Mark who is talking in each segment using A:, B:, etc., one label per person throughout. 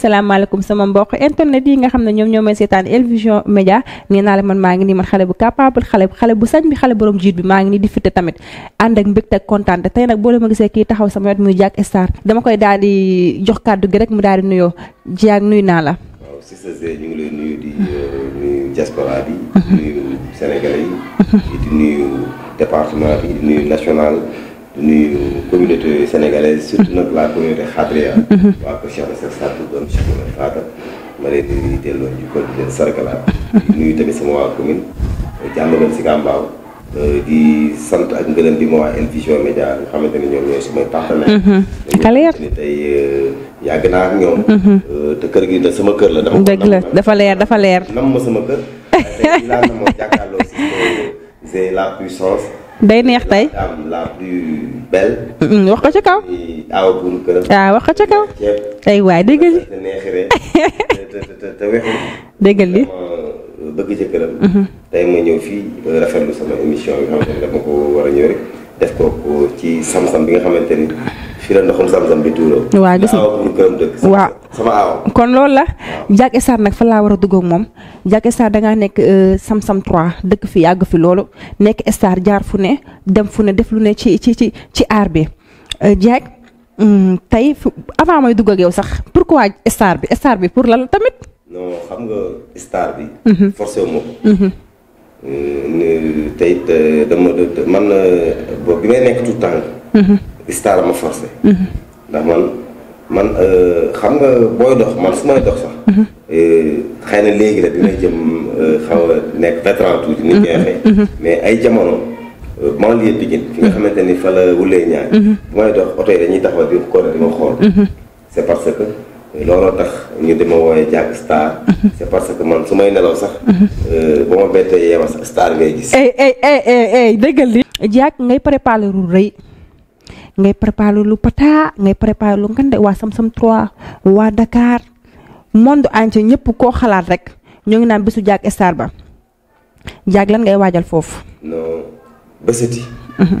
A: salaamaaleykum sama mboq internet yi nga xam ne ñoom ñoo may seetaan Elvision Média nee naa la man maa ngi nii man xale bu capable xale xale bu sañ bi xale borom jiit bi maa ngi nii di fitte tamit ànd ak mbégte ak kontaan tey nag boo leen ma gisee kii taxaw sama wet muy Diack Star dama koy daal di jox kàddu gi rek mu daal di nuyoo Diack nuyu naa la.
B: waaw si sa ñu ngi lay nuyu di euh, nuyu bi. Mhm. nuyu sénégalais yi. nuyu département bi nuyu national. di nuyu communauté sénégalaise surtout nag la communauté xadria mhm. waa ko Cheikh Seck Sarr doom Cheikh Mouhamed Fata ma leen di delloo njukkal di leen sargalaat di nuyu tamit sama waa commune jàmmaloon si Gàmbaaw euh, di sant ak ngërëm bi ma waa El Média nga xamante ne ñoom ñooy samay partenaire mhm. dañoo euh, yàgg naa ak ñoom mhm. euh, te kër gi da sama kër la dama dëgg la
A: dafa leer dafa leer
B: nam ma sama kër tey laa na moom jàkkaarloo si la puissance
A: day neex tey.
B: la plus belle. Mm, wax ko ca kaw. awa ah, wax ko ca kaw. ay waay dégg li dégg li uh, bëgg jëkkëram. Mhm. tey ma ñëw fii uh, rafetlu sama émission bi nga xamante ne dama ko war a ñëw rek def ko uh, ci sam-sam bi nga xamante ni. fii la ndoxum Zamzam bi tuuroo. waaw gis nga waaw
A: kon loolu la. waaw Diack nag fa laa war a dugg ak moom Diack Estar dangaa nekk euh, Samsam 3 dëkk fi yàgg fi loolu nekk star jaar fu ne dem fu ne def lu ne ci ci ci ci aar bi Diack euh, hmm, tey avant may dugg yow sax pourquoi star bi star bi pour lan tamit.
B: non xam nga Estar bi. Mhm. forcé wu ma ko. Mhm. Euh, tey man bi may nekk tout temps. Mhm. Star ma forcé. Mhm. ndax man man euh, xam nga booy dox man su may dox sax. Mhm. xëy na léegi la bi may jëm euh, xaw a nekk vétéran tuuti ni ñu koy mhm. waxee. mais ay jamono euh, banlieue Pikine fi nga xamante ni fa la wulee ñaar. bu may dox oto yi dañuy taxaw di ko di ma xool. c'est parce que looloo tax ñu dama jàkk star c'est parce que man su may nelaw sax ba ma bettee yeewa sax star ngay gis ay
A: ay ay ay dëggal li jàkk ngay préparé rëy ngai perpalu lu peta ngai perpalu kan dek wasam sam tua wadakar mondo anche ñepp ko xalaat rek ñu ngi naan bisu jaag ba jak lan ngai wajal fof
B: non beseti mhm.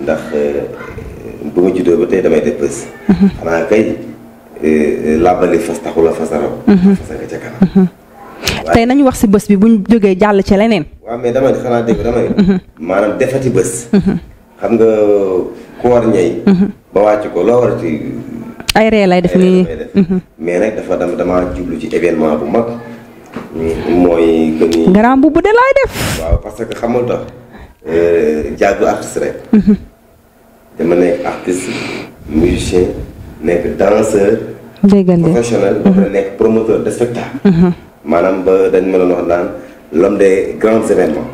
B: ndax eh, bu ma juddoo ba tay damay def bes mhm. ana kay eh, eh, labali fas taxula fasarab mhm. fasa nga ca
C: kanam
A: tay nañu wax ci bes bi buñ jógee jall ci lenen
B: wa mais dama xana dégg damay manam defati bes xam nga ku war ñay ba wàcc ko loo war a ci
A: ay ree lay def nii mhm.
B: mais nag dafa dama jublu ci événement bu mag mooy que ni grand
A: bubu de laay def
B: waaw parce que xamul tax euh, jàggu artiste rek mhm. dama nekk artiste musicien nekk danseur professionnel dafa mhm. nekk promoteur de spectacle maanaam ba dañ ma doon wax daan l'homme des grands événements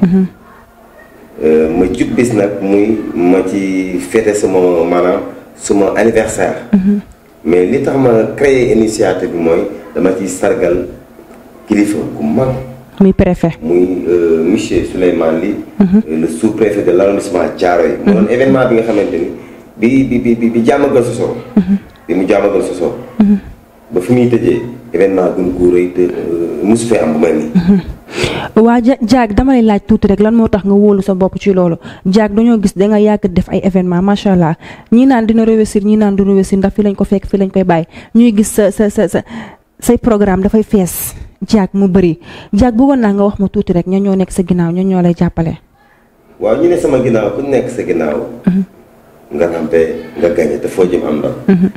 B: Euh, ma jub bis nag muy ma ci fête sama maanaam suma anniversaire. Mhm. mais li tax ma créer initiative bi moy dama ci sargal kilifa ku mag. muy préfet muy euh, monsieur Souleymane Ly. Mhm. Euh, le sous-préfet de l'arrondissement Thiaroye. Mhm. mu doon événement bi nga xamanteni ni bi bi bi bi jàmmagal soso bi mu jàmmagal soso ba fi muy tëjee événement gën gu rëy te mosu fee am bu mel nii.
A: waja jaag dama lay laaj tout rek lan moo tax nga wolu sa bop ci lolu jaag dañu gis da nga yag def ay événement macha allah ñi naan dina réussir ñi naan du réussir ndax fi lañ ko fekk fi lañ koy bay ñuy gis sa sa sa say programme da fay fess jaag mu bari jaag bu wona nga wax ma tout rek ñoo ñoo nekk sa ginaaw ñoo ñoo lay jàppale.
B: waaw ñu ne sama ginaaw ku nek sa ginaaw mhm. nga nambe nga gañe te fo jëm am ndam. Mhm.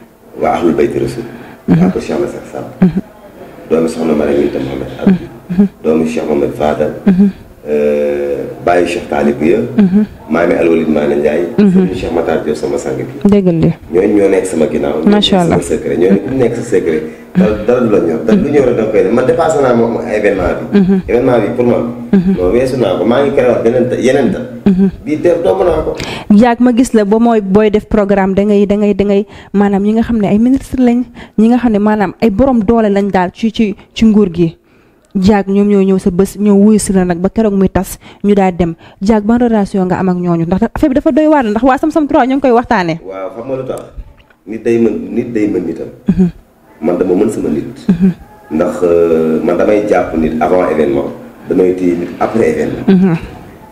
B: wa ahlul bayti rasul. waa ko sax Masak do na soxna ñu Binta Mohamed. doomu Cheikh Mohamed Fadal. Mhm. Eh, bàyyi Cheikh Talib Guèye. Mhm. maami Alwalid Maane Ndiaye. Mhm. sëriñ allah
A: ñoo
B: nekk naa moom événement bi. événement bi pour man. non weesu naa ko maa ngi koy wax beneen bii teew
A: tomb naa ko. yàgg ma gis la ba mooy booy def programme dangay dangay dangay maanaam ñi nga xam ne ay ministre lañ ñi nga xam ne maanaam ay borom doole lañ daal ci ci ci nguur gi. jaag ñoom ñoo ñëw sa bés ñëw wuyu la nag ba keroog muy tas ñu daal dem jaag ban relation nga am ak ñooñu ndax affaire bi dafa doy waar ndax waa sam-sam 3 ñu ngi koy waxtaanee.
B: waaw xam nga lu tax nit day mën nit day mën nitam. Mhm. man mhm. ndax euh, man damay jàpp nit avant événement damay téye nit après événement. Mhm.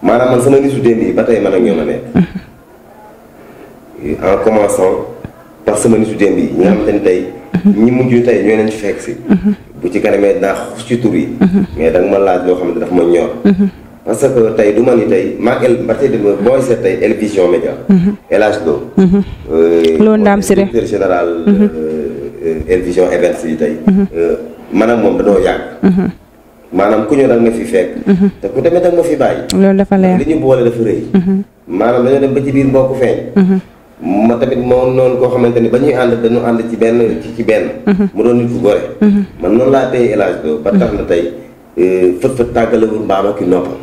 B: maanaam man sama nitu démb yi ba tey man ak ñoom a nekk. en commençant par sama nitu démb yi ñi nga xamante ñi mujj tey ñoo leen ci fekk si. bu ci kanamee daa xus ci yi. mais da nga ma laaj loo xam ne daf ma ñor. parce que tey du ma ni tey maag el parti de booy seet tey El Vision Média. El Hadj Lo. loolu euh, ndaam si rek directeur général. Euh, el mhm. euh, mhm. maanaam ku ñëw da nga fi fekk. Mhm. te ku demee da nga fi bàyyi.
A: loolu dafa leer li
B: ñu boole dafa rëy. maanaam dañoo dem ba biir mbokku feeñ. ma tamit moom noonu koo xamante ni ba ñuy ànd dañu ànd ci benn ci benn. Mhm. mu doon nit ku gore. Mhm. man noonu laa téye El Hadj ba tax mhm. na tey euh, fët fët tàggalewul mbaam ak i noppam.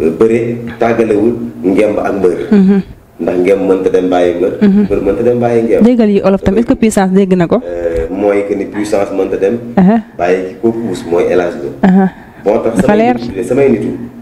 B: Euh, bëre tàggalewul ngemb ak mbër. ndax ngemb mënta dem bàyyi mbër. mbër mënta dem bàyyi ngemb. déggal
A: yi olof tamit que puissance dégg na ko.
B: Euh, mooy que ni puissance mënta dem. Uh-huh. bàyyi ko puus mooy El Hadj Lo. Uh-huh. tax samay nitu samay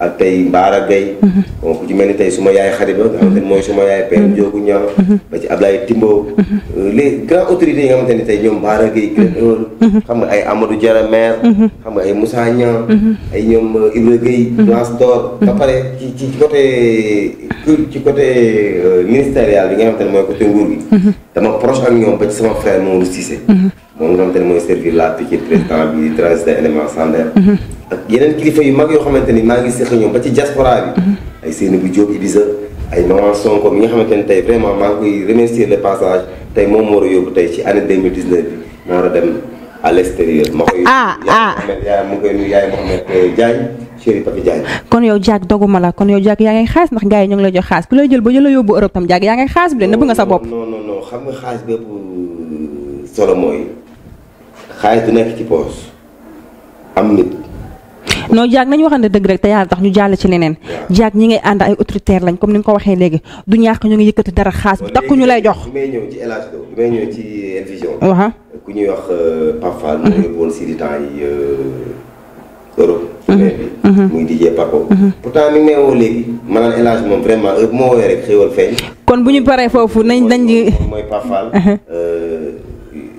B: ak tey Mbaara Gueye moom ku ci mel ni tey suma yaay xarit ba nga xamante ni mhm. mooy suma yaay père mhm. Diogu Niang mhm. ba ci Ablaye Timbo euh, les grands autorités yi nga xamante ni tey ñoom Mbaara Gueye créole xam ay Amadou Diarra maire xam nga ay Moussa ay ñoom euh, Ibra Gueye Lance ba pare ci ci côté ci côté euh, ministériel bi nga xamante ne mooy côté nguur gi dama proche ak ñoom ba ci sama frère Mamadou Cissé moom nga xamante ne la Pikine président bi mhm. kilifa yu mag yoo xamante ni maa ngi séq ñoom ba ci diaspora bi mhm. ay Seynabou Diop nga xamante ne tey vraiment maa ngi koy remercier le passage tey moom moo war a yóbbu tey ci année 2019 bi moo war a dem à l'extérieur ma koy ah ah yaay mu ngi koy nuyu yaay Mouhamed euh, Diagne chéri Papi Diagne
A: kon yow Diack doguma la kon yow Diack yaa ngay xaas lay jox xaas ku lay jël ba jël la yóbbu Europe tam xaas bi leen nëbb nga sa bopp
B: euh, solo mooy xaalis du nekk ci poos am nit.
A: non jaag nañu waxante dëgg rek te yàlla tax ñu jàll ci leneen. jaag ñi ngay ànd ay autoritaire lañ comme ni nga ko waxee léegi du ñàkk ñu ngi yëkkati dara xaas bi takku ñu lay jox.
B: bi may ñëw ci El ci El ku ñuy wax euh, Pape Fall. Mhm. moo euh, mhm. mhm. ngi muy DJ Paco.
A: kon bu ñu paree foofu nañ nañ.
B: mooy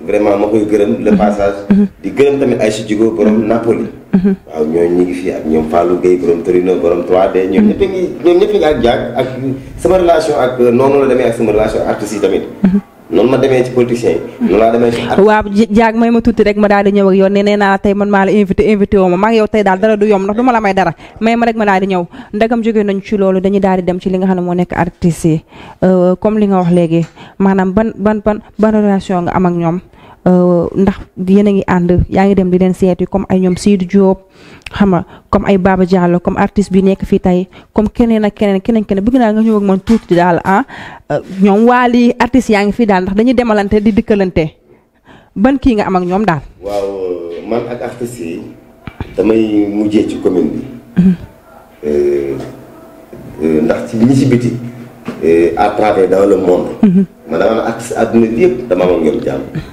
B: vraiment ma koy gërëm le mhm. passage mhm. di gërëm tamit Aïcha Djigo borom mhm. Napoli waaw ñooñu ñu ngi ak ñoom Fallou Gueye borom Torino borom ñoom ñëpp ngi ak jaag sama relation ak euh, noonu la demee ak sama relation ak artistes yi noonu ma demee ci politiciens yi noonu laa demee ci
A: ma tuuti rek ma daal di ñëw ak yow ne nee naa tey man maa la invité invité woo ma maa yow tey daal dara du yom ndax du ma la may dara may ma rek ma daal di ñëw ndagam nañ ci loolu dañuy daal di dem ci li nga xam ne moo nekk artistes yi euh, comme li nga wax léegi maanaam ban ban ban ban nga am ak ñoom Eh, ndax yéen a ngi ànd yaa ngi dem di leen seeti comme ay ñoom Seydou Diop xam comme ay Baba Diallo comme artiste bi nekk fii tey comme keneen ak keneen keneen keneen bëgg naa nga ñëw ak man tuuti daal ah eh, ñoom waali artiste yaa ngi fi daal ndax dañuy demalante di dëkkalante ban kii nga am ak
B: ñoom daal. waaw man ak artiste yi damay mujjee ci commune bi. Mhm. Eh, ndax ci ñi ci biti à travers dans le monde. Mhm. man dama na artiste àdduna bi yëpp dama am ñoom jàmm.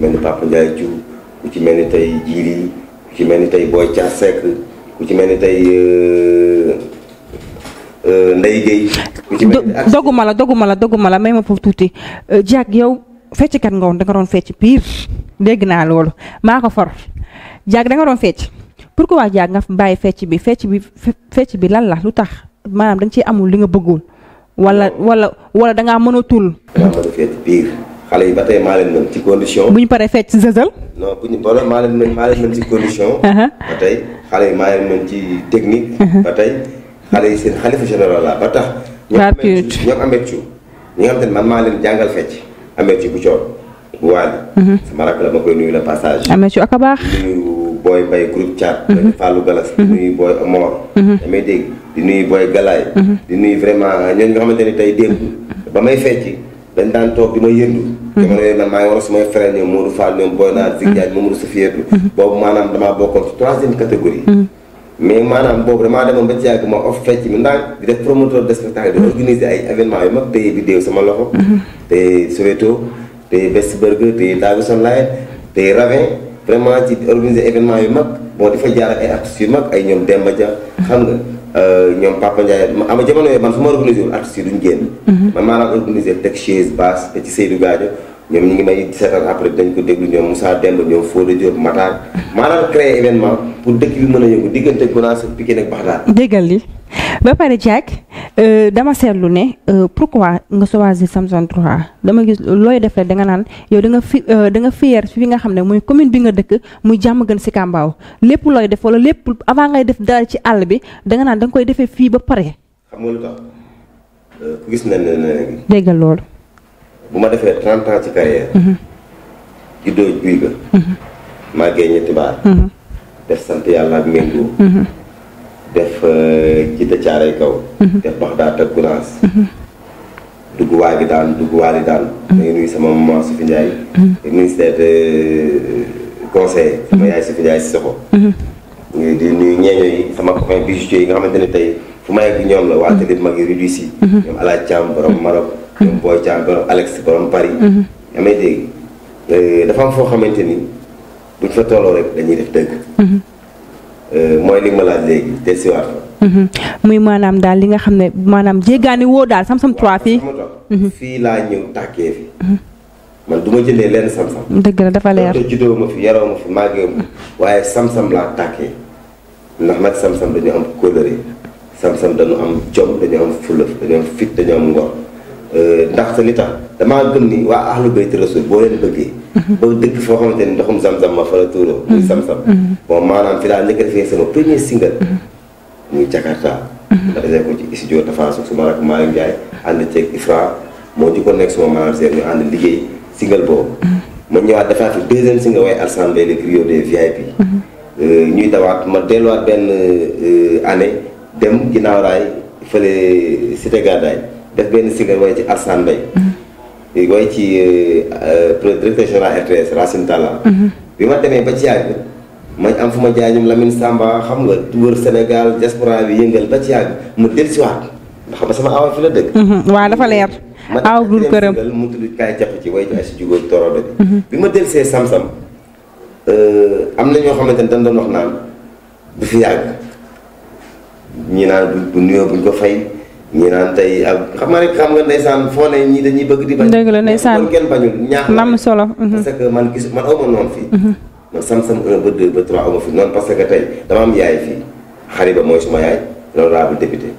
B: melni papa ndiaye ciw ku ci melni tay jiri ku ci melni tay boy tia sek ku ci tay euh euh ndey gey
A: doguma la doguma la doguma la may ma foofu tuuti eh, jaag yow fecc kat woon da nga don fecc pire deg na loolu mako for diak da nga don fecc pourquoi diak nga baye fecc bi fecc bi fecc bi lan la lutax manam dang ci amul li nga bëggul wala wala wala da ngaa mënatul.
B: da nga fecc xale yi ba tey maa leen mën ci condition. bu
A: ñu paree fecc zëzal.
B: non bu ñu boole maa leen mën maa leen mën ci condition. ba tey xale yi maa leen mën ci technique. ba tey xale yi seen xalifa général la ba tax. ñoom ñoom Ameth Thiou ñi nga man maa leen jàngal fecc Ameth Thiou bu coon bu waali. sama rakk la ma koy nuyu la passage.
A: Ameth Thiou ak a baax
B: nuyu booy bay groupe Thiat. Fallou Galas di nuyu booy Omor. damay dégg di nuyu booy Galaye. di nuyu vraiment ñooñu nga xamante ne tey dañ daan toog di ma yëndu jamono yooyu man maa ngi war su may frère ñoom Modou Fall ñoom Boy mm-hmm. boobu maanaam damaa bokkoon ci troisième mm-hmm. mais maanaam boobu damaa demoon ba ci yàgg ma off fecc mi ndax di def promoteur de spectacle di mm-hmm. organiser ay événement yu mag tey vidéo sama loxo tey Soweto tey Best Burger tey Davison Line tey Ravin vraiment ci organiser événement yu mag bon di fa jaar ak ay artistes yu mag ay ñoom Demba Dia xam nga Euh, ñoom Papa Ndiaye ama jamono yooyu man su ma organisé woon artistes duñ génn. Mhm. man maa daan organisé teg chaise basse te ci ñoom ñi ngi may seetal après dañ ko déglu ñoom Moussa Demba ñoom Fodé Diop Matar maanaam créé événement pour dëkk bi mën a yëngu diggante Gounass ak Pikine ak Baxdaad.
A: déggal li ba pare Jack euh, dama seetlu ne euh, pourquoi nga choisir Samson 3 dama gis looy def rek da naan yow da fi euh, danga nga fier nga xam ne mooy commune bi nga dëkk mu jàmm gën si Kambaaw lépp looy def wala lépp avant ngay def dara ci àll bi danga naan danga koy defee fii ba pare.
B: xam nga déggal loolu. bu ma defee trente ans ci carrière juddoo mm-hmm. juy ga màggee mm-hmm. ñetti baar mm-hmm. def sant yàlla ak méngoo def kita euh, caaray kaw def baxdaat ak gunaas dugg waagi daan dugg waali daan da ngay nuyu sama maman Sufi Ndiaye ministère de euh, conseil sama yaay Sufi Ndiaye si soxo di nuyu ñeeño yi sama copain bijoutier yi nga xamante ne tey fu ma yegg ñoom la waa télé mag yi réduit si ñoom alaaj Thiam borom Marok. ñoom Boy Diagne borom Alex borom Paris. Mhm. amee dégg euh, dafa am foo xamante ni buñ fa tolloo rek dañuy def dëgg. Mhm. Euh, mooy li ma laaj léegi te siwaat fa.
A: Mhm. muy maanaam daal li nga xam ne maanaam jéggaani woo daal sam-sam trois fii.
B: fii laa ñëw tàkkee fi. man du ma jëlee lenn sam-sam. dëgg la dafa leer te juddoo ma fi yaroo ma fi màggee ma waaye sam-sam laa tàkkee ndax nag sam dañu am kóllëre sam dañu am jom dañu am fulla dañu am fit dañu am ngor. Euh, ndaxte li tax damaa gëm ni waa ahlu bayti rasul boo leen bëggee. Mhm. ba dëkk foo xamante ni ndoxum zam-zam ma fa tuuroo. muy sam-sam. Mhm. Mhm. bon maanaam fi laa njëkk a defee sama premier single. muy Jakarta. nga defee ko ci studio Tafa Sow suma rak Malick Ndiaye ànd ceeg Ifra moo ci ko nekk suma manager ñu ànd liggéey single boobu. ma ñëwaat defaat fi deuxième single waaye Alassane Mbaye le griot des VIP. Euh, ñuy dawaat ma delluwaat benn euh, année dem ginnaaw raay def benn single waaye ci Arsane Mbaye mm-hmm. waaye ci euh, directeur général RTS Racine Talla mm-hmm. bi ma demee ba ci yàgg ma am fu ma jaay ñoom Lamine Samba xam nga wër Sénégal diaspora bi yëngal ba ci yàgg mu del siwaat ndax ba sama awa fi la dëkk
A: mm-hmm. waaw dafa leer aw dul
B: këram mu tudd kaay jàpp ci way ci ay si jugóob torodo bi bi ma del sam-sam euh, am na ñoo xamante ne dañ doon wax naan du fi yàgg ñi naan bu nuyoo buñ ko fay ñi naan tey xam nga rek xam nga ndeysaan foo ne ñii dañuy bëgg di bañ. dëgg la ndeysaan man kenn bañul mhm. ma noonu fii. Mhm. man sam-sam un ba deux ba trois aw ma fi noonu parce que tey dama am yaay fii xarit ba mooy suma yaay honorable député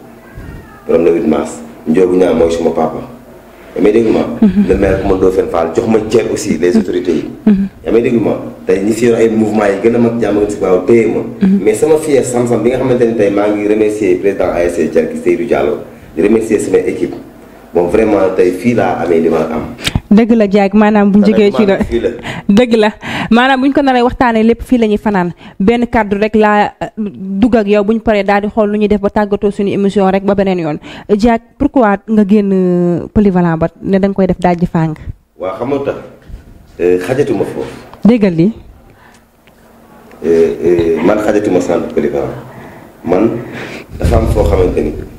B: borom le 8 mars njoogu ñaa mooy suma mhm. a sama bi nga xamante ne tey maa ngi remercier président ASC Thierno Seydou Diallo di remercier sama équipe bon vraiment tay fi la amé li ma am.
A: deug la Diack manam buñu ñu ci la deug la manam buñ ko naree waxtaanee lépp fii la ñuy fanaan benn kàddu rek la euh, dug ak yow buñ paré paree daal di xool lu def ba tagato suñu émission rek ba benen yoon Diack pourquoi nga génn euh, polyvalent ba né dang koy def daaj fang
B: wa xam nga tax euh, xajatuma foofu. déggal li man xajatuma centre polyvalent man dafa am fo xamanteni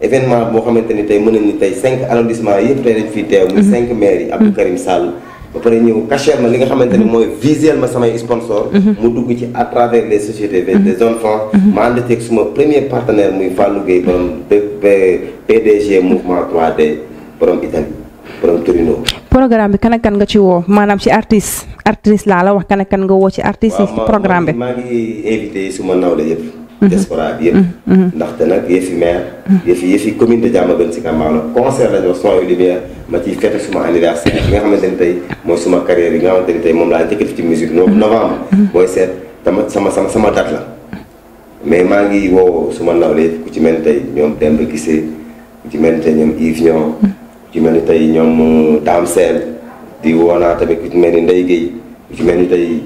B: événement boo xamante ni tey mën nañu tey cinq arrondissement yëpp tey dañ fiy teew. muy mhm. cinq maires yi Abdou mhm. Karim Sall. ba pare ñëw cacher ma li nga xamante ni mhm. mooy visuel ma samay sponsor mu dugg ci à travers les sociétés des zones francs ma ànd ceeg suma premier partenaire muy Fallou Gueye borom PDG Mouvement 3D borom Italie borom Torino
A: programme bi kan kan nga ci woo maanaam ci artiste artiste laa la wax kan kan nga woo ci artiste yi programme bi
B: maa ngi invité suma nawle yëpp Mm-hmm. diaspora bi mm-hmm. ndaxte nag yëfi maire mm-hmm. yëfi yëfi commune de Diamaguène Sicap Mbao la concert la son et lumière ma ciy fête suma anniversaire bi nga ne ni tey mooy suma carrière yi nga xamante ni tey moom laa njëkk def ci musique no novembre booy seet sama sama sama date la mais maa ngi woo suma nawle ku ci mel ni tey ñoom Demba Gisee ku ci mel ni tey ñoom Yves Nion ku ci mel ni tey ñoom euh, Dame Sène di woo tamit ku ci mel ni Ndeye Guèye ku ci mel ni tey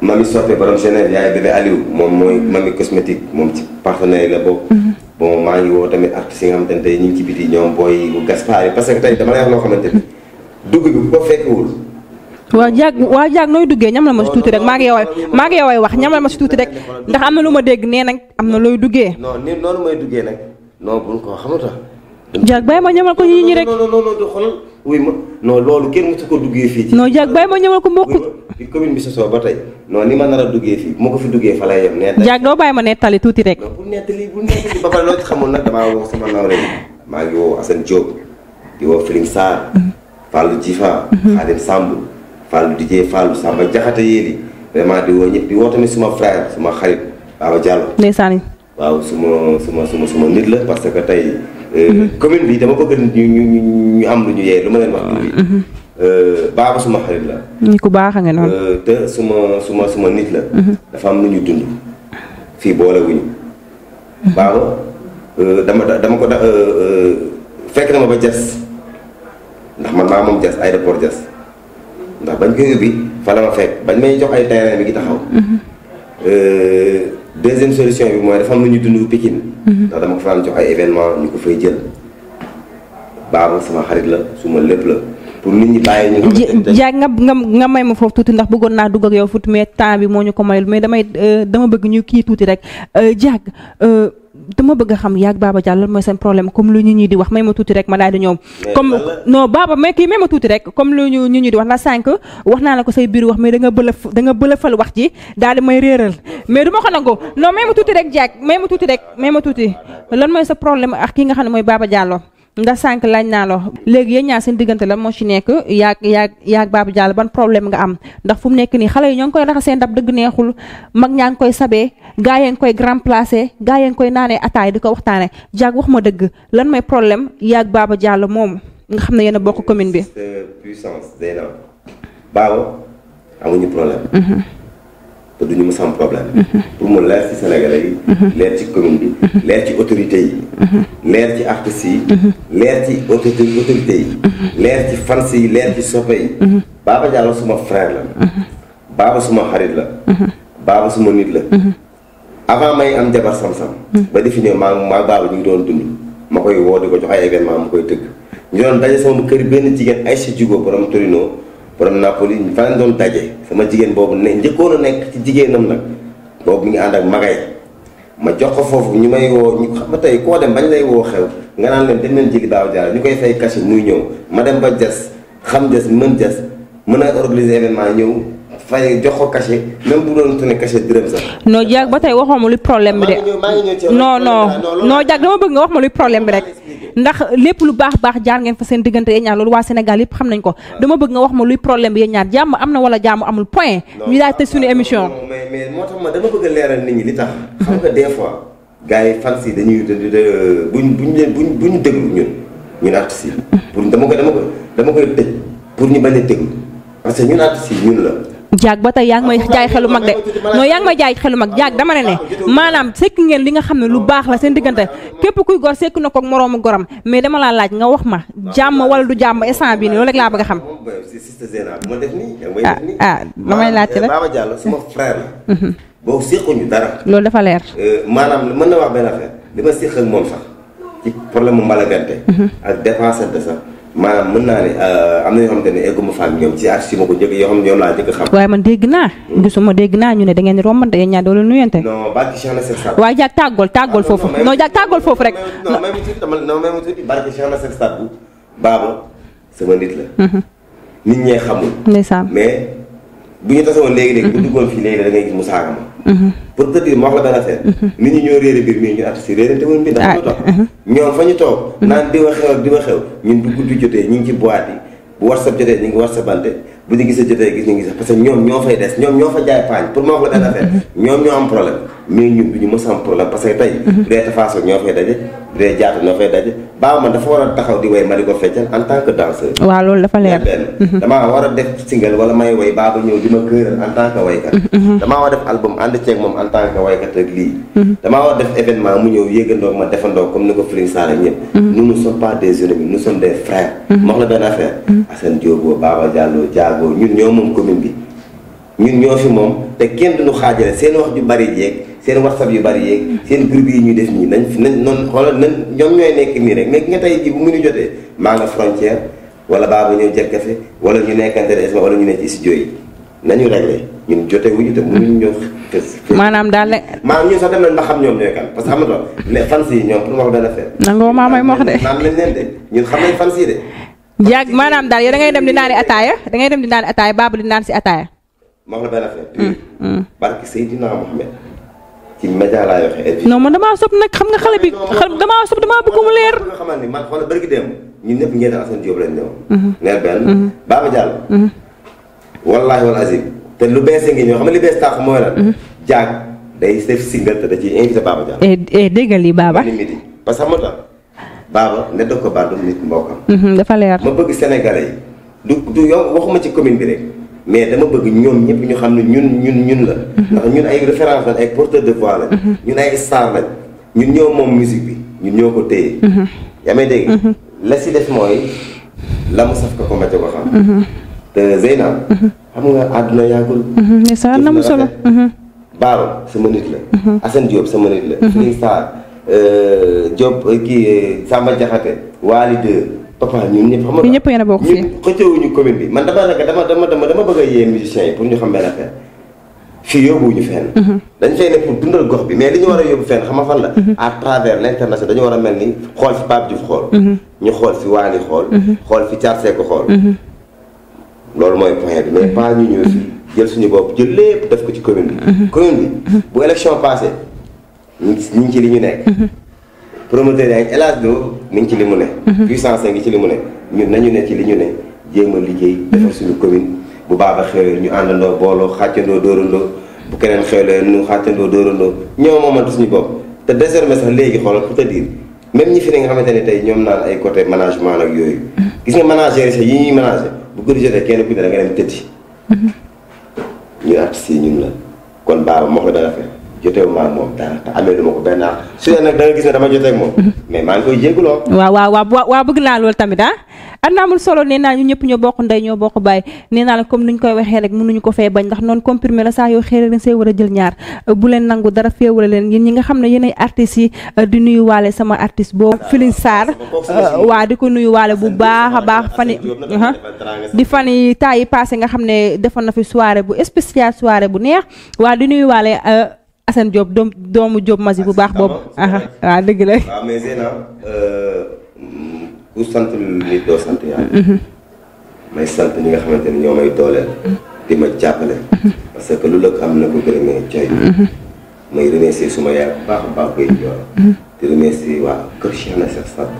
B: mami soppe borom Genève yaay bébé Aliou moom mooy mm-hmm. mami cosmétique moom ci partenaire la bokk. Mm-hmm. bon maa ngi woo tamit artistes yi nga xamante ne tey ñu ci biti ñoom booy Gaspar yi parce que tey dama lay wax loo xamante ni mm-hmm. dugg bi bu ko fekkiwul.
A: waaw jaag waaw jaag nooy duggee ñam ma si tuuti rek maa ngi yow wax ñam ma si tuuti rek ndax am na lu ma dégg nee nag am na looy duggee.
B: non ni noonu may duggee nag non buñ ko xamuta
A: jaag bàyyi ma ñamal ko yii ñi
B: rek wuy ma non loolu kenn su ko duggee fii. ci non Diack bàyyi
A: ma ñëwal ko mbokkut.
B: bi commune bi sosoo ba tey non ni ma nar a duggee fii bu ma ko fi duggee fa lay yem. nettali
A: doo bàyyi ma nettali
B: tuuti rek. non bu nettali bu nettali ba pare loo ci xamul nag damaa woo sama nawle yi maa ngi woo Assane Diop di woo Filim Sarr. Fallou Jifa. Mhm. Khadim Samb Fallou Dijé Fallou Samba Diakhaté yéeli vraiment di woo ñëpp di woo tamit suma frère suma xarit Baba Diallo. ndeysaan waaw suma suma suma suma nit parce que tey. Euh, commune bi dama bëgg ñu ñu ñu am lu ñu yee lu ma leen wax. Mm-hmm. Mm-hmm. Euh, baaba suma xarit la.
A: nit ku baax a nga noonu.
B: Euh, te suma suma suma nit la. Mm-hmm. dafa am lu ñu dund. fii boole wuñu. baaba dama dama ko da fekk na ma ba jas ndax man maa moom jas aéroport jas ndax bañ koy ubbi fa la ma fekk bañ may jox ay terrain bi ngi taxaw. deuxième solution bi mooy dafa am lu ñu dund Pikine mhm. ndax dama ko fa jox ay événement ñu ko fay jël baaba sama xarit la suma lépp la pour nit ñi bàyyi ñu jaay
A: nga nga nga may ma foofu tuuti ndax bëggoon naa dugg ak yow foot mais temps bi moo ñu ko mayul mais damay euh, dama bëgg ñu kii tuuti rek jaag euh, dama bëgg a xam yaag Baba Diallo lan mooy seen problème comme lu ñu ñi di wax may ma tuuti rek ma daal di ñoom comme non Baba mais kii may ma tuuti rek comme lu ñu ñu ñi di wax la sànq wax naa la ko say biir wax mais da nga bëlëf da nga bëlëfal wax ji daal di may réeral mais du ma ko nangu non may ma tuuti rek jaag may ma tuuti rek may ma tuuti lan mooy sa problème ak ki nga xam ne mooy Baba Diallo ndax sànq laaj naa la léegi yéen ñaar seen diggante la moo ci nekk yaag yaag yaag Babou Diallo ban problème nga am ndax fu mu nekk nii xale yi ñoo ngi koy raxasee ndab dëgg neexul mag ñaa ngi koy sabee gaa yaa ngi koy grand placé gaa yaa ngi koy naanee ataay di ko waxtaane jaag wax ma dëgg lan mooy problème yaag baaba Diallo moom nga xam ne yéen a bokk commune bi.
B: puissance day te duñu mës am problème. pour mu leer ci Sénégalais yi. leer ci commune bi. leer ci autorités yi. leer ci artistes yi. leer ci autorité yi. leer ci fans yi leer ci soppe yi. Baba Diallo suma frère la. Baba suma xarit la. Baba suma nit la. avant may am jabar sam-sam. ba définir maa maa Baba ñu doon dund. ma koy woo ko jox ay événement ma koy tëgg. ñu doon daje sama kër benn jigéen Aïcha Diouf borom Torino. borom Napoli fa leen doon daje sama jigéen boobu ne njëkkoon a nekk ci jigéenam nag boobu mi ngi ànd ak magay ma jox ko foofu ñu may woo ñu xam tey koo dem bañ lay woo xew nga naan leen dem leen jigi daaw jaar ñu koy fay cachet muy ñëw ma dem ba jas xam jas mën jas mën a organiser événement ñëw fay jox ko cachet même bu doon tane cachet dërëm sax.
A: noo jaag ba tey waxoo ma luy problème bi de.
B: non non non
A: jaag dama bëgg nga wax ma luy problème bi rek. ndax lépp lu baax baax jaar ngeen fa seen diggante yéen ñaar loolu waa Sénégal yëpp xam nañ ko dama bëgg nga wax ma luy problème bi yéen ñaar jàmm am na wala jàmm amul point. ñu daal tëj suñu émission.
B: moo tax ma dama bëgg a leeral nit ñi li tax. xam nga des fois. gars yi fans yi dañuy bu buñ leen buñ buñ déglu ñun dama ko dama dama koy tëj pour ñu bañ a parce que ñun artistes yi la
A: jaag ba tey yaa ngi may jaay xelu mag de non yaa ngi may jaay xelu mag jaag dama ne ne maanaam sekk ngeen li nga xam ne lu baax la seen diggante képp kuy gor sekk na ko moroomu goram mais dama laa laaj nga wax ma jàmm wala du jàmm instant bii nii loolu rek laa a xam.
B: ah ah damay laaj ci rek Baba Diallo sama frère la. Mhm. boo sequñu dara. loolu dafa leer. Euh, maanaam mën na wax benn affaire li ma seqal moom sax ci problème mu mbalagante. Mhm. maanaam mën naa ne euh, am na yoo xamante ne egguma fa ak ñoom ci artiste yi ko njëkk yoo ne ñoom laa njëkk xam waaye
A: man dégg naa gisuma hmm. dégg naa ñu ne da ngeen man de yéen ñaar doolu nuyante non barki Cheikh Nassir Sall waaye jaag tàggool tàggool ah, foofu non jaag tàggool sama nit la mhm.
B: nit ñee xamul ndeysaan mais bu ñu tasoon pour te dire ma wax la benn affaire. Mhm. nit ñi ñoo réere mbir mii ñu artiste yi réerante woon mbir dafa ah, ñoo tax mhm. ñoom fa ñu toog mhm. naan di wa xew ak di wa xew ñun bu guddi jotee ñu ngi ci boîte yi bu whatsapp jotee ñu ngi whatsappante bu ñu gisee jotee gis ñu ngi sax parce que ñoom ñoo fay des ñoom ñoo fa jaay paañ pour ma wax la benn affaire ñoom ñoo am problème mais ñun du ñu mës am problème parce que tey bu dee façon ñoo fay daje ree jaata noo fay daje baaw man dafa war a taxaw di way ma di ko feccal en tant que danseur.
A: waaw loolu dafa leer benn mhm. damaa
B: war a def single wala may way baaba ñëw di ma këral en tant que waykat mhm, mhm. damaa war a def album ànd ceeg moom en tant que waykat ak lii damaa war a def événement mu ñëw yéegandoog ma defandoo comme ni ko Feeling Sarr ak ñëpp nous ne sommes pas des ennemis nous sommes des frères max la benn affaire Assane Dioboo Baba Diallo Diago ñun ñoo moom commune bi ñun seen whatsapp yu bari yeeg seen groupe yi ñuy def nii nañ fi nañ noonu xoolal nañ ñoom ñooy nekk nii rek mais nga tey ji mu ñu jotee maa nga frontière wala baaba ñëw jekkafe wala ñu nekkante esma wala ñu ne ci studio yi nañu réglé ñun jote wuñu te mënuñ ñoo xës maanaam daal maanaam maa sax dem nañ ba xam parce que xam nga mais fans yi ñoom pour ma wax benn affaire nangoo maa may wax de maam lañ leen de ñun xam nañ fans de
A: yàgg maanaam daal yow da dem di naani ataaya da ngay dem di naani ataaya baaba naan si ataaya
B: ma wax la benn affaire mm, mm. ci média laay waxee.
A: non man damaa sob nag xam nga xale bi xam
B: damaa sob damaa bëgg mu leer. nga xamante ni man xoolal bëri gi démb ñun ñëpp ngeen ak seen Diop lañ demoon. Mhm. neer benn. Mhm. Baba Diallo. Mhm. wallaahi wal azim te lu bees ngi ñoo xam ne li bees taax mooy lan. jaag day def single te da ciy invité Baba Diallo.
A: Eh, eh, déggal yi Baba.
B: parce que xam nga Baba ne dog ko baal nit mbokam dafa leer ma bëgg Sénégalais yi du yow waxuma ci commune bi rek. mais dama bëgg ñoom ñëpp ñu xam ne ñun ñun ñun la. Mhm. ndax ñun ay référence lañ ay porteur de voix lañ. Mhm. ñun ay star lañ ñun ñoo moom musique bi ñun ñoo ko téye. Mhm. yaa may la si def mooy la mu saf ko ko météo xam. te Zeyna. xam nga àdduna yàggul.
A: ndeysaan na mu solo.
B: Baaro sama nit la. Assane Diop sama nit la. Félix Sarr euh, Diop kii Samba Diakhaté Waly 2. papa ñun ñëpp xam nga. ñun
A: ñëpp yéen a bokk fii
B: xëccewuñu commune bi man dama nag dama dama dama bëgg a yee musiciens yi pour ñu xam benn affaire fii yóbbuwuñu fenn. Mhm. dañ fay ne pour dundal gox bi mais li ñu war a yóbbu fenn xam nga fan la. Mhm. à travers l' international dañu war a mel ni xool fi Pape Diouf xool. Mhm. ñu xool fi Waly xool. xool fi Thiar Seck xool. loolu mooy point bi mais pas ñu ñëw fii jël suñu bopp jël lépp def ko ci commune bi. commune bi bu élection passée ñu ngi ci li ñu nekk. promoteur yaa ngi hélas do mi ci li mu ne puissance ngi ci li mu ne mhm. ñun nañu ne ci li ñu ne jéem liggéey mhm. defar suñu commune bu baaba xewee ñu àndandoo booloo xàccandoo dóorandoo bu keneen xewlee ñu xàccandoo dóorandoo ñoo moomante suñu bopp te désormais sax léegi xoolal pour te dire même ñi fi ne nga xamante ne tey ñoom naa ay côté management nag yooyu mhm. gis nga manager yi ñuy manager bu guddi jotee kenn ku ne da nga dem tëddi ñu artiste yi ñun la kon baaba joteewu ma ak moom dara te amee lu ma ko benn àq su
A: waaw waaw waaw waaw bëgg naa loolu tamit ah. naa amul solo nee naa ñu ñëpp ñoo bokk ndey ñoo bokk baay nee naa la comme ni ñu koy waxee rek mënuñu ko fee bañ ndax noonu comprimé la saa yoo xëy na see war a jël ñaar bu leen nangu dara féewale leen yéen ñi nga xam ne yéenay artistes yi euh, di nuyu waale sama artiste boobu ah, Feeling saar euh, waa di ko nuyu waale bu baax a baax fani
B: uh-huh. di
A: fani temps yi passé nga xam ne defoon na fi soirée bu spécial soirée bu neex waa di nuyu Assane Diop doom doomu Diop Massi bu baax boobu. waaw dëgg la.
B: Euh, ku sant nit doo sant yàlla. Mhm. may sant ñi nga xamante ñoo may dooleel. di ma jàppale. Mhm. parce que lu la am na ko gën a may coy. suma yaay bu baax a baax bay joor. Mhm. di remercier waa Kër Cheikh na Cheikh Sadd.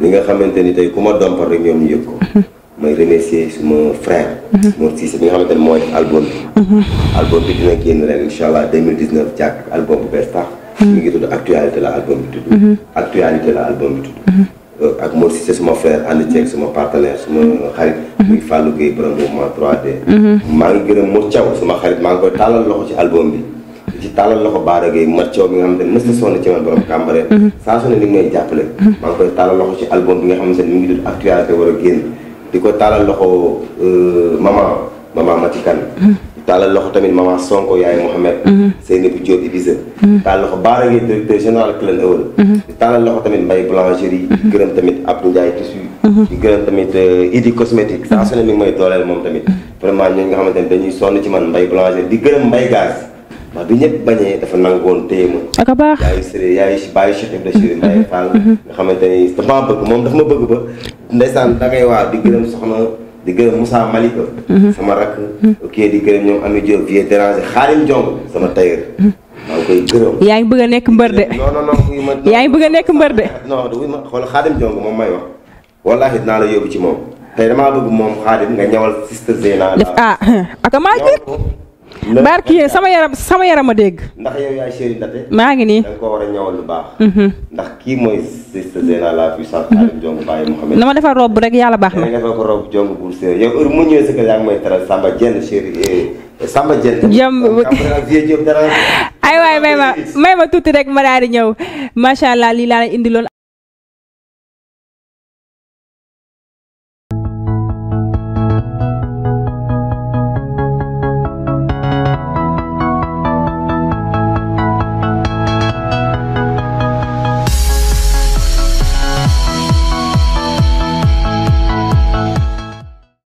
B: nga xamante ni tey ku ma rek ñoom yëg ko. may remercier suma frère. Mor mhm. Cissé bi nga xamante ne mooy album bi. Mhm. album bi dina génn ren incha allah 2019 jàkk album bu bees tax. ñu mhm. ngi tudd actualité la album bi tudd. actualité la album bi tudd. Euh, ak Mor Cissé suma frère ànd ceeg suma partenaire suma xarit. muy Fallou Gueye borom maa ngi gërëm Mor Thiaw suma xarit maa ngi koy tàllal loxo ci album bi. ci tàllal loxo Baara Gueye Mor Thiaw mi nga xamante ne mës na sonn ci man borom Cambérène. saa su ni may jàppale. maa ngi koy tàllal loxo ci album bi nga xamante ne mi ngi tudd actualité war di ko taalal loxo maman euh, maman Matikan mm-hmm. taalal loxo tamit maman Sonko yaay Mouhamed mm-hmm. Seynabou Diop Ibise mm-hmm. taalal loxo Baara Gueye directeur général Clen Ewel di taalal loxo tamit Mbaye Boulangerie di gërëm tamit Abdou Ndiaye tissu gërëm tamit euh, Idi cosmétique saa su ne mi may dooleel moom tamit vraiment ñooñu nga xamante ne dañuy sonn ci man mbay Boulangerie di gërëm Mbaye Gaz maa bi ñëpp bañee dafa nangoon téye ma.
A: ak a baax yaay
B: sëriñ yaay bàyyi Cheikh Ibrahima Chérif Mbaye mm-hmm. Fall. Mm-hmm. nga xamante ni damaa bëgg moom dafa ma bëgg ba ndeysaan dangay waa di gërëm soxna di gërëm Moussa Malika. Mm-hmm. sama rakk. ok di gërëm ñoom Ami Diop vie déranger Xaalim Jong sama tailleur. maa ngi koy gërëm. yaa ngi bëgg a nekk mbër de. non non non yaa ngi bëgg a nekk mbër de. non du ma xool Xaalim Jong moom may wax wallaahi dinaa la yóbbu ci moom tey damaa bëgg moom Xaalim nga ñawal sister Zeyna. def ah
A: ak maa
B: ngi. barki yéen
A: sama yaram sama yaram a dégg.
B: ndax yow yaay chéri Ndate. maa ngi nii da nga a lu baax. Mhm. ndax kii mooy siste Zeyna la puissance. Alim mhm. Jong Baye na ma defar
A: robe rek yàlla baax na.
B: defal ko robe Jong bu séer yow heure sa kër yaa ngi may teral Samba Dieng chéri eh, eh, Samba Dieng. jëm
A: ay waay may ma may ma tuuti rek ma daal ñëw macha lii laa leen indiloon